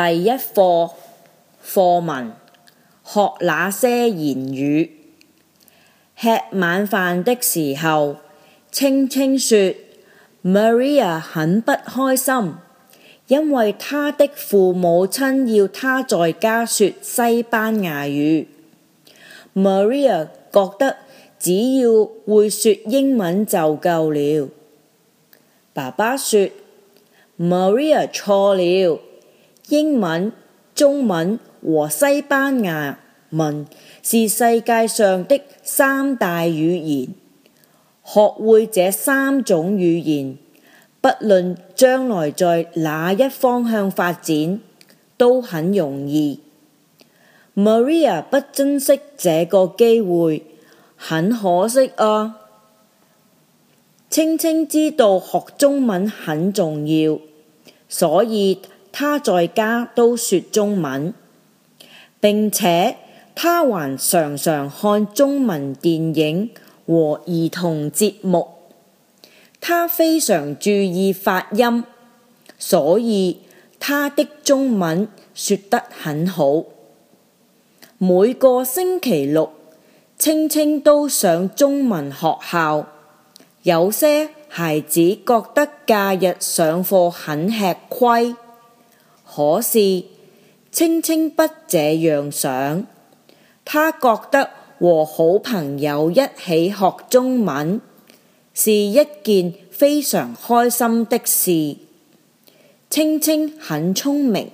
第一課課文學那些言語。吃晚飯的時候，青青說：Maria 很不開心，因為她的父母親要她在家說西班牙語。Maria 覺得只要會說英文就夠了。爸爸說：Maria 錯了。英文、中文和西班牙文是世界上的三大語言。學會這三種語言，不論將來在哪一方向發展，都很容易。Maria 不珍惜這個機會，很可惜啊！青青知道學中文很重要，所以，他在家都說中文，並且他還常常看中文電影和兒童節目。他非常注意發音，所以他的中文說得很好。每個星期六，青青都上中文學校。有些孩子覺得假日上課很吃虧。可是青青不這樣想，她覺得和好朋友一起學中文是一件非常開心的事。青青很聰明。